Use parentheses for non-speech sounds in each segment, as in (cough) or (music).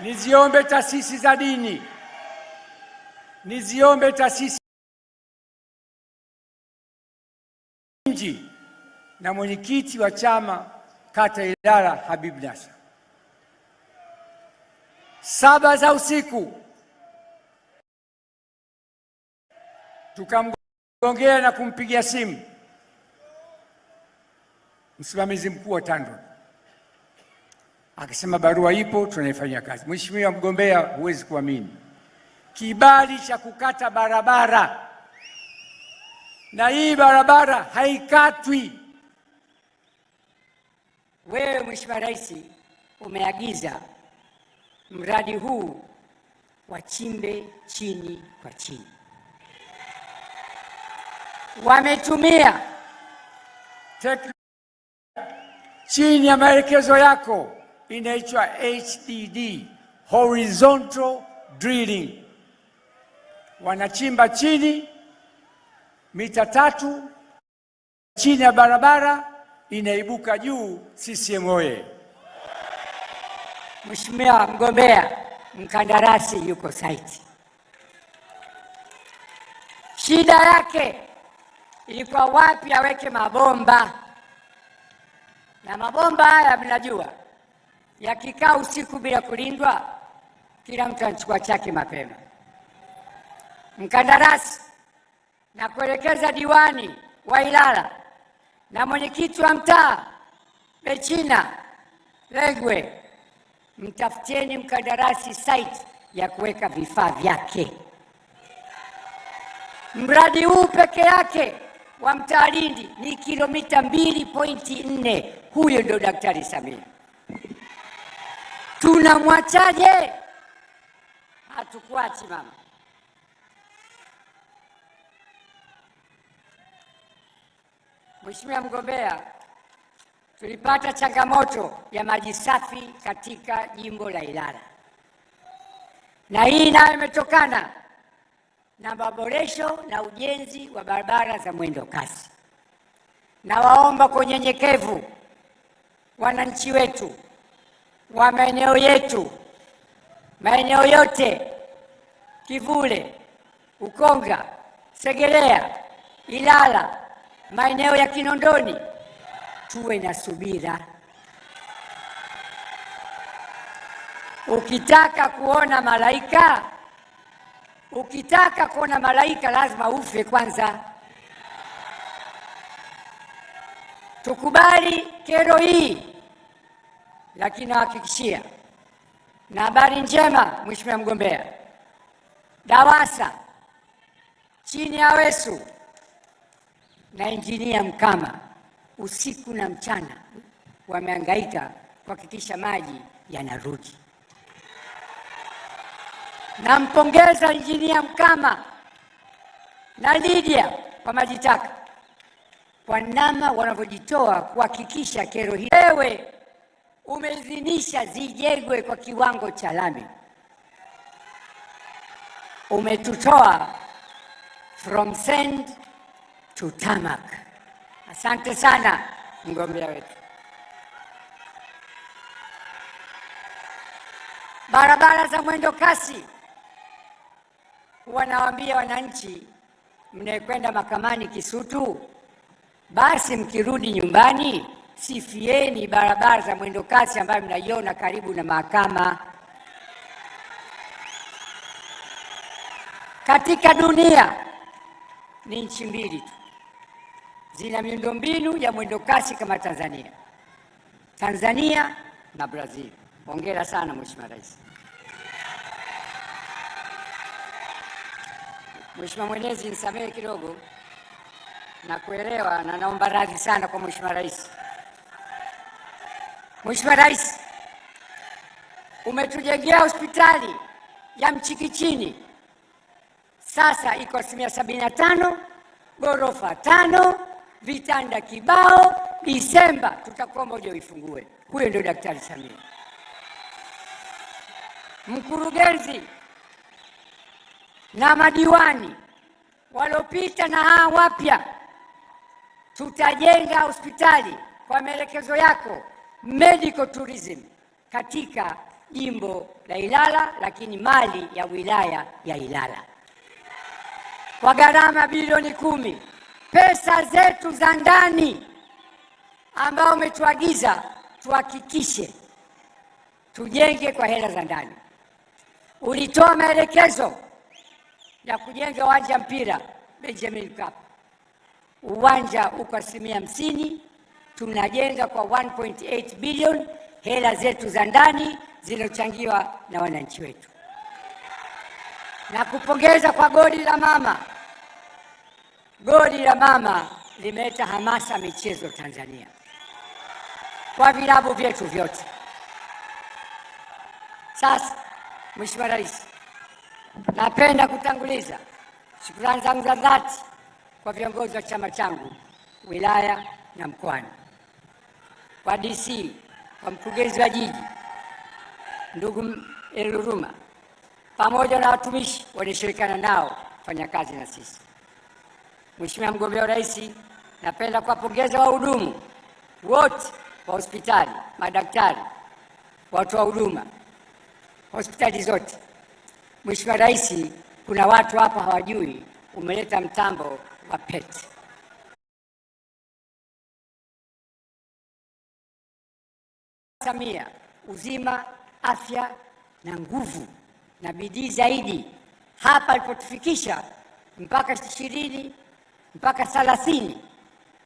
Niziombe taasisi za dini, niziombe taasisi nji na mwenyekiti wa chama kata Ilala Habib Nasa, saba za usiku tukamgongea na kumpigia simu msimamizi mkuu wa TANROADS akasema barua ipo, tunaifanyia kazi. Mheshimiwa mgombea, huwezi kuamini, kibali cha kukata barabara, na hii barabara haikatwi. Wewe Mheshimiwa Rais umeagiza mradi huu wachimbe chini kwa chini, wametumia teknolojia chini ya maelekezo yako inaitwa HDD, horizontal drilling. Wanachimba chini mita tatu chini ya barabara inaibuka juu. CCM oye! Mheshimiwa mgombea, mkandarasi yuko saiti Shida yake ilikuwa wapi aweke mabomba, na mabomba haya mnajua yakikaa usiku bila kulindwa, kila mtu anachukua chake mapema. Mkandarasi na kuelekeza diwani wa Ilala na mwenyekiti wa mtaa Bechina Legwe, mtafutieni mkandarasi site ya kuweka vifaa vyake. Mradi huu peke yake wa mtaa Lindi ni kilomita 2.4. Huyo ndio Daktari Samia tunamwachaje? Hatukuachi mama. Mheshimiwa mgombea, tulipata changamoto ya maji safi katika jimbo la Ilala, na hii nayo imetokana na maboresho na ujenzi wa barabara za mwendo kasi. Nawaomba kwa unyenyekevu wananchi wetu wa maeneo yetu, maeneo yote Kivule, Ukonga, Segerea, Ilala, maeneo ya Kinondoni, tuwe na subira. Ukitaka kuona malaika, ukitaka kuona malaika lazima ufe kwanza. Tukubali kero hii lakini nawahakikishia na habari njema, mheshimiwa mgombea, DAWASA chini ya wesu na injinia Mkama usiku na mchana wamehangaika kuhakikisha maji yanarudi. Nampongeza injinia Mkama na Lydia kwa maji taka, kwa namna wanavyojitoa kuhakikisha kero hii wewe umeidhinisha zijengwe kwa kiwango cha lami. Umetutoa from sand to tarmac. Asante sana mgombea wetu. Barabara za mwendo kasi, wanawaambia wananchi, mnayekwenda mahakamani Kisutu, basi mkirudi nyumbani sifieni barabara za mwendokasi ambayo mnaiona karibu na mahakama. Katika dunia ni nchi mbili tu zina miundombinu ya mwendokasi kama Tanzania, Tanzania na Brazil. Hongera sana Mheshimiwa Rais. Mheshimiwa Mwenezi, nisamehe kidogo na kuelewa, na naomba radhi sana kwa Mheshimiwa Rais. Mheshimiwa Rais, umetujengea hospitali ya Mchikichini, sasa iko asilimia sabini na tano, ghorofa tano, vitanda kibao. Disemba tutakuomba uje uifungue. Huyo ndio Daktari Samia. Mkurugenzi na madiwani waliopita na hawa wapya, tutajenga hospitali kwa maelekezo yako medical tourism katika jimbo la Ilala, lakini mali ya wilaya ya Ilala kwa gharama bilioni kumi, pesa zetu za ndani ambao umetuagiza tuhakikishe tujenge kwa hela za ndani. Ulitoa maelekezo ya kujenga uwanja mpira Benjamin Mkapa, uwanja uko asilimia hamsini tunajenga kwa 1.8 bilioni hela zetu za ndani zilizochangiwa na wananchi wetu, na kupongeza kwa godi la mama. Godi la mama limeleta hamasa michezo Tanzania kwa vilabu vyetu vyote. Sasa Mheshimiwa Rais, napenda kutanguliza shukrani zangu za dhati kwa viongozi wa chama changu wilaya na mkoani kwa DC, kwa mkurugenzi wa jiji ndugu Eluruma, pamoja na watumishi walioshirikiana nao kufanya kazi na sisi. Mheshimiwa mgombea urais, napenda kuwapongeza wahudumu wote wa hospitali, madaktari, wa huduma hospitali zote. Mheshimiwa Rais, kuna watu hapa hawajui umeleta mtambo wa PET. Samia uzima, afya na nguvu na bidii zaidi hapa alipotufikisha mpaka ishirini mpaka thelathini,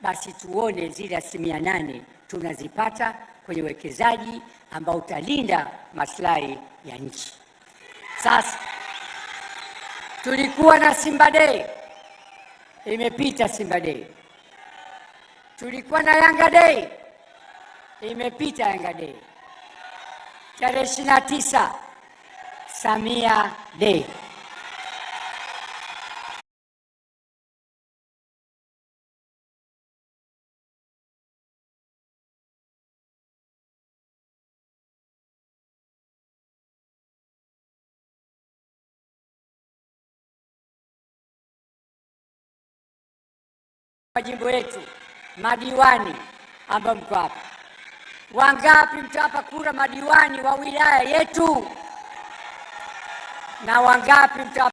basi tuone zile asilimia nane tunazipata kwenye uwekezaji ambao utalinda maslahi ya nchi. Sasa tulikuwa na Simba Day, imepita Simba Day, tulikuwa na Yanga Day imepita Yanga Day, tarehe ishirini na tisa Samia Day. Majimbo yetu madiwani ambao mko hapa Wangapi mtawapa kura madiwani wa wilaya yetu na wangapi mta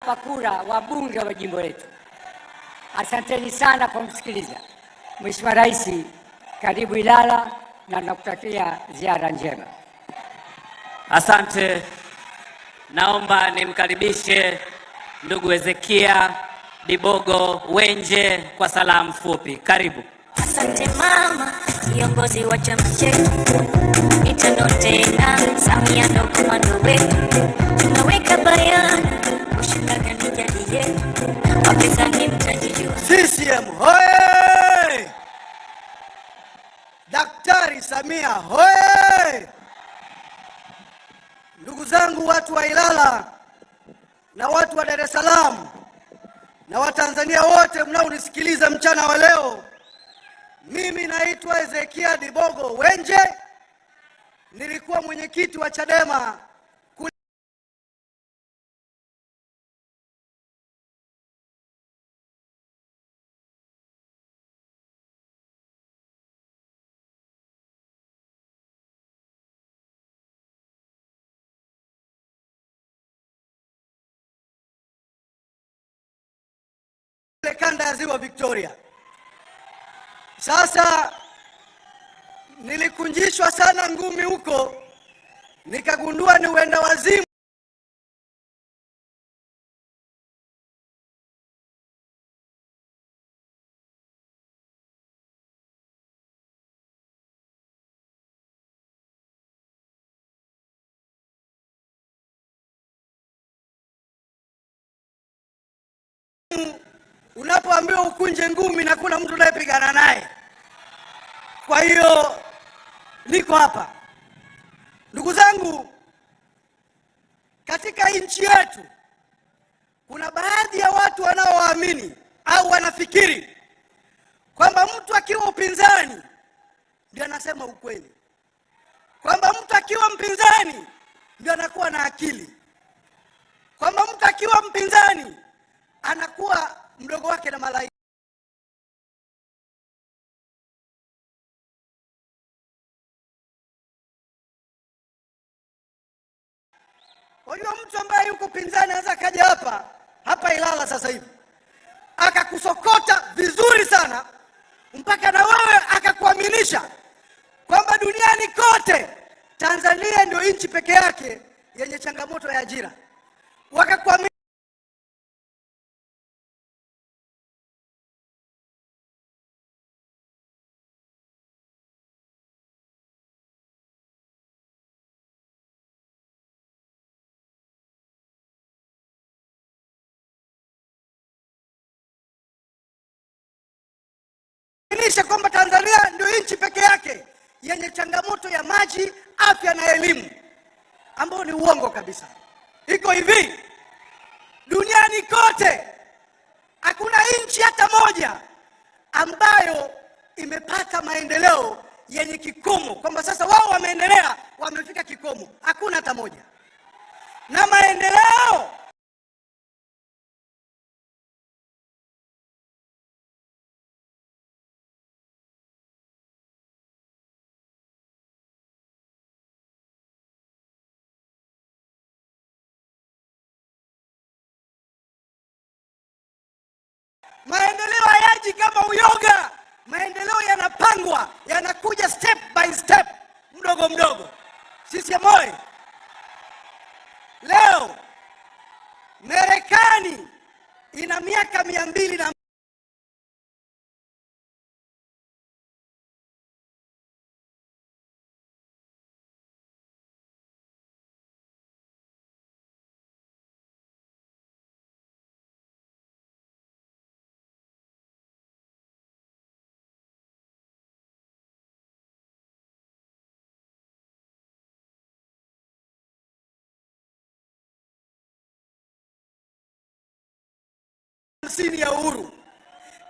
pakura wabunge wa jimbo letu. Asanteni sana kwa kumsikiliza. Mheshimiwa Rais, karibu Ilala na nakutakia ziara njema. Asante. Naomba nimkaribishe ndugu Hezekia Dibogo Wenje kwa salamu fupi. Karibu. Asante mama, kiongozi wa chama chetu, tena, Samia ndo komando wetu CCM hoye! Daktari Samia hoye! Ndugu zangu, watu wa Ilala na watu wa Dar es Salaam na Watanzania wote mnaonisikiliza mchana wa leo, mimi naitwa Ezekia Dibogo Wenje, nilikuwa mwenyekiti wa Chadema kanda ya ziwa Victoria. Sasa nilikunjishwa sana ngumi huko, nikagundua ni uenda wazimu. Unapoambiwa ukunje ngumi na kuna mtu unayepigana naye. Kwa hiyo niko hapa, ndugu zangu, katika nchi yetu kuna baadhi ya watu wanaowaamini au wanafikiri kwamba mtu akiwa upinzani ndio anasema ukweli, kwamba mtu akiwa mpinzani ndio anakuwa na akili, kwamba mtu akiwa mpinzani anakuwa mdogo wake na malaika Wajua, mtu ambaye yuko pinzani anaweza akaja hapa hapa Ilala sasa hivi akakusokota vizuri sana mpaka na wewe akakuaminisha kwamba duniani kote Tanzania ndio nchi peke yake yenye changamoto ya ajira, wakakuamini kuhakikisha kwamba Tanzania ndio nchi peke yake yenye changamoto ya maji, afya na elimu, ambayo ni uongo kabisa. Iko hivi duniani kote, hakuna nchi hata moja ambayo imepata maendeleo yenye kikomo, kwamba sasa wao wameendelea, wamefika kikomo. Hakuna hata moja, na maendeleo kama uyoga, maendeleo yanapangwa, yanakuja step by step, mdogo mdogo. moyo leo Marekani ina miaka mia mbili na hamsini ya uhuru.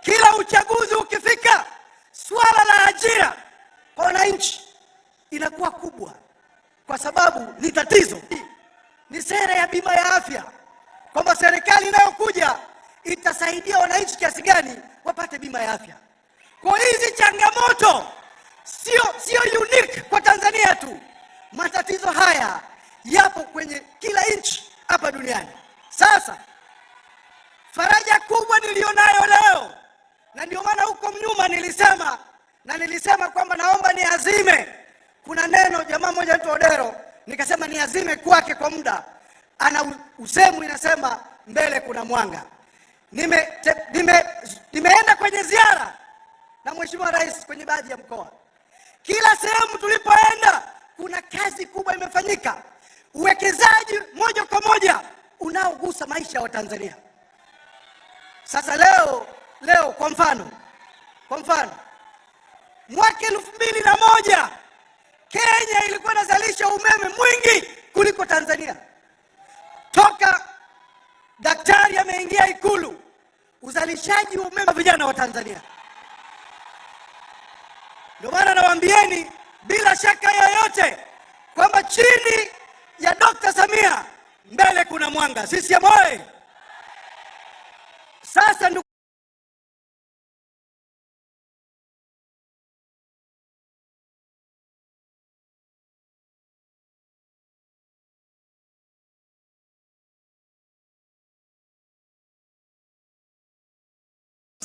Kila uchaguzi ukifika, swala la ajira kwa wananchi inakuwa kubwa, kwa sababu ni tatizo. Ni sera ya bima ya afya, kwamba serikali inayokuja itasaidia wananchi kiasi gani wapate bima ya afya. Kwa hizi changamoto sio sio unique kwa Tanzania tu, matatizo haya yapo kwenye kila nchi hapa duniani. Sasa Faraja kubwa niliyonayo leo, na ndio maana huko nyuma nilisema na nilisema kwamba naomba niazime. Kuna neno jamaa mmoja mtu Odero, nikasema niazime kwake kwa muda, ana usemu inasema mbele kuna mwanga. Nime, nime, nimeenda kwenye ziara na mheshimiwa rais kwenye baadhi ya mkoa. Kila sehemu tulipoenda kuna kazi kubwa imefanyika, uwekezaji moja kwa moja unaogusa maisha ya Watanzania. Sasa leo leo, kwa mfano kwa mfano, mwaka elfu mbili na moja Kenya ilikuwa inazalisha umeme mwingi kuliko Tanzania. Toka daktari ameingia Ikulu, uzalishaji wa umeme wa vijana wa Tanzania. Ndio maana nawaambieni bila shaka yoyote kwamba chini ya Dkt. Samia mbele kuna mwanga. Sisi oye! Sasa ndugu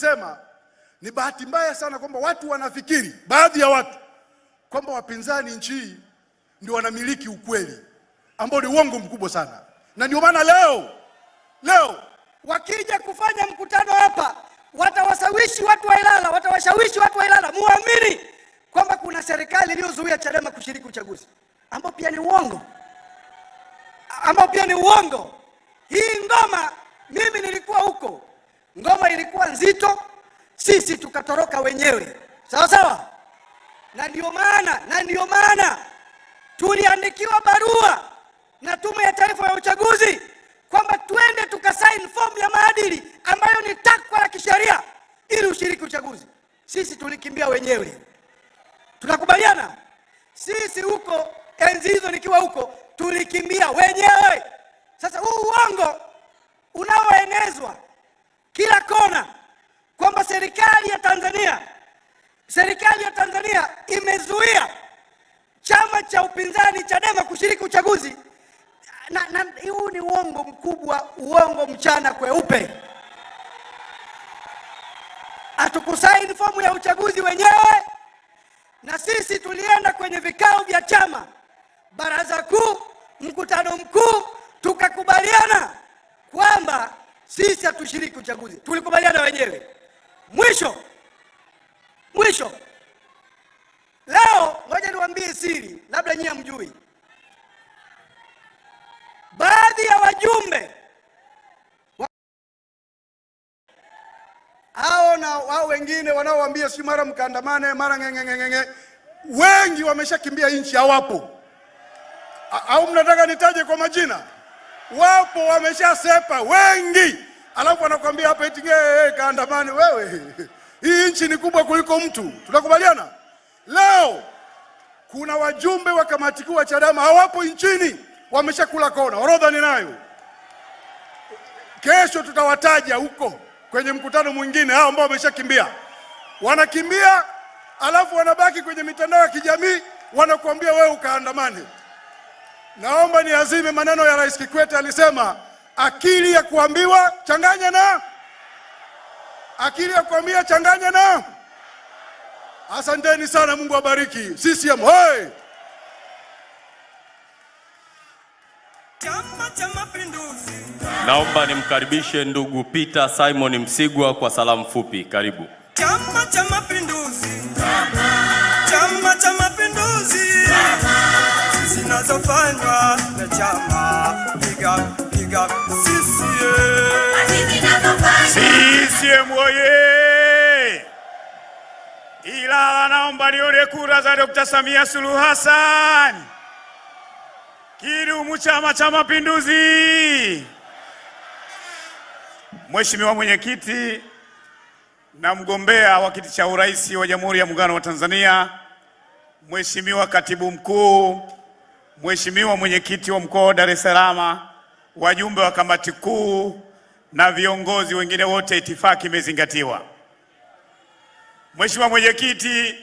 sema ni bahati mbaya sana kwamba watu wanafikiri, baadhi ya watu kwamba wapinzani nchi hii ndio wanamiliki ukweli ambao ni uongo mkubwa sana, na ndio maana leo leo wakija kufanya mkutano hapa watawashawishi watu wa Ilala, watawashawishi watu wa Ilala muamini kwamba kuna serikali iliyozuia Chadema kushiriki uchaguzi, ambao pia ni uongo, ambao pia ni uongo. Hii ngoma, mimi nilikuwa huko, ngoma ilikuwa nzito, sisi tukatoroka wenyewe, sawa sawa. Na ndio maana na ndio maana tuliandikiwa barua na Tume ya Taifa ya Uchaguzi kwamba twende tukasaini fomu ya maadili ambayo ni takwa la kisheria ili ushiriki uchaguzi. Sisi tulikimbia wenyewe, tunakubaliana sisi. Huko enzi hizo nikiwa huko, tulikimbia wenyewe. Sasa huu uongo unaoenezwa kila kona kwamba serikali ya Tanzania serikali ya Tanzania imezuia chama cha upinzani Chadema kushiriki uchaguzi na, na huu ni uongo mkubwa, uongo mchana kweupe. Hatukusaini fomu ya uchaguzi wenyewe, na sisi tulienda kwenye vikao vya chama, baraza kuu, mkutano mkuu, tukakubaliana kwamba sisi hatushiriki uchaguzi. Tulikubaliana wenyewe. Mwisho mwisho, leo ngoja niwaambie siri, labda nyinyi hamjui baadhi ya wajumbe hao na wao wengine wanaowaambia si mara mkandamane mara ngengengenge, wengi wameshakimbia nchi, hawapo. Au mnataka nitaje kwa majina? Wapo, wameshasepa wengi, alafu wanakuambia hapa eti kaandamane wewe. (laughs) Hii nchi ni kubwa kuliko mtu, tunakubaliana? Leo kuna wajumbe wa kamati kuu wa Chadema hawapo nchini wameshakula kona, orodha ninayo. Kesho tutawataja huko kwenye mkutano mwingine, hao ambao wameshakimbia. Wanakimbia alafu wanabaki kwenye mitandao ya kijamii, wanakuambia wewe ukaandamane. Naomba niazime maneno ya Rais Kikwete, alisema akili ya kuambiwa changanya na akili ya kuambia changanya na. Asanteni sana, Mungu abariki CCM hoye! Chama cha Mapinduzi. Naomba nimkaribishe ndugu Peter Simon Msigwa kwa salamu fupi. Karibu. Chama cha Mapinduzi. Chama cha Mapinduzi. Zinazofanywa na chama piga piga sisi. Sisi moye. Ilala, naomba nione kura za Dr. Samia Suluhu Hassan. Kidumu Chama cha Mapinduzi! Mheshimiwa Mwenyekiti na mgombea wa kiti cha urais wa Jamhuri ya Muungano wa Tanzania, Mheshimiwa Katibu Mkuu, Mheshimiwa Mwenyekiti wa Mkoa wa Dar es Salaam, wajumbe wa kamati kuu na viongozi wengine wote, itifaki imezingatiwa. Mheshimiwa Mwenyekiti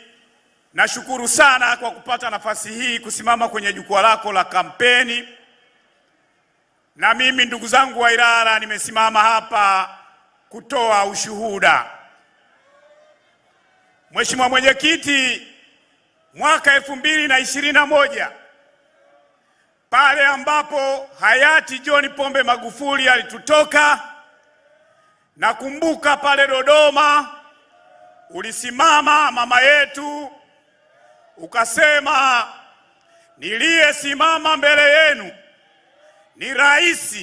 Nashukuru sana kwa kupata nafasi hii kusimama kwenye jukwaa lako la kampeni. Na mimi ndugu zangu wa Ilala, nimesimama hapa kutoa ushuhuda. Mheshimiwa Mwenyekiti, mwaka elfu mbili na ishirini na moja pale ambapo hayati John Pombe Magufuli alitutoka, nakumbuka pale Dodoma ulisimama mama yetu ukasema niliyesimama mbele yenu ni rais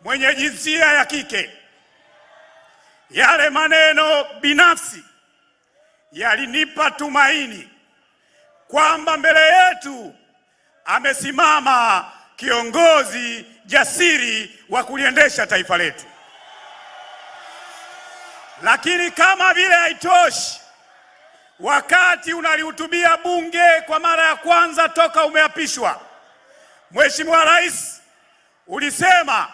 mwenye jinsia ya kike. Yale maneno binafsi yalinipa tumaini kwamba mbele yetu amesimama kiongozi jasiri wa kuliendesha taifa letu. Lakini kama vile haitoshi wakati unalihutubia bunge kwa mara ya kwanza toka umeapishwa, Mheshimiwa Rais, ulisema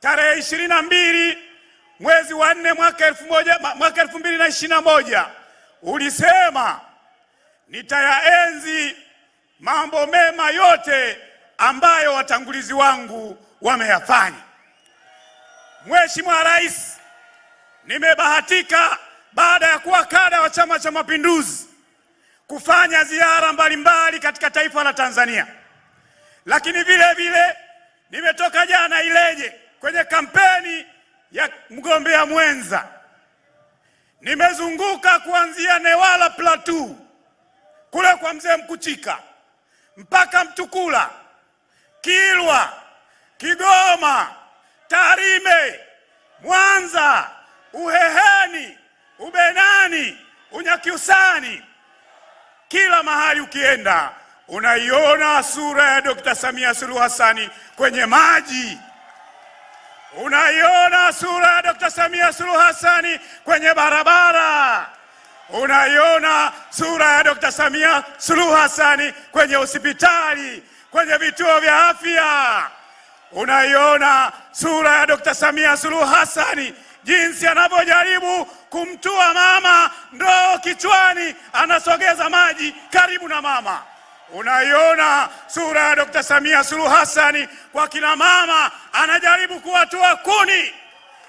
tarehe ishirini na mbili mwezi wa nne mwaka elfu mbili na ishirini na moja ulisema nitayaenzi mambo mema yote ambayo watangulizi wangu wameyafanya. Mheshimiwa Rais, nimebahatika baada ya kuwa kada wa Chama cha Mapinduzi kufanya ziara mbalimbali katika taifa la Tanzania, lakini vile vile nimetoka jana Ileje kwenye kampeni ya mgombea mwenza. Nimezunguka kuanzia Newala Plateau kule kwa mzee Mkuchika mpaka Mtukula, Kilwa, Kigoma, Tarime, Mwanza, Uheheni Ubenani, Unyakyusani, kila mahali ukienda unaiona sura ya Dr. Samia Suluhu Hassani kwenye maji, unaiona sura ya Dr. Samia Suluhu Hassani kwenye barabara, unaiona sura ya Dr. Samia Suluhu Hassani kwenye hospitali, kwenye vituo vya afya, unaiona sura ya Dr. Samia Suluhu Hassani jinsi anavyojaribu kumtua mama ndoo kichwani, anasogeza maji karibu na mama. Unaiona sura ya Dr. Samia Suluhu hasani kwa kina mama, anajaribu kuwatua kuni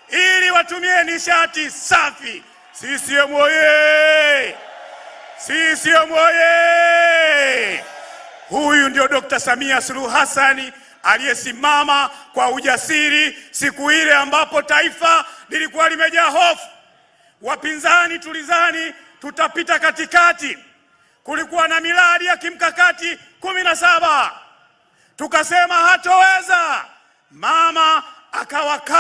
ili watumie nishati safi. CCM oye! CCM oye! Huyu ndio Dr. Samia Suluhu hasani aliyesimama kwa ujasiri siku ile ambapo taifa lilikuwa limejaa hofu Wapinzani tulizani tutapita katikati. Kulikuwa na miradi ya kimkakati kumi na saba tukasema hatoweza, mama akawakaa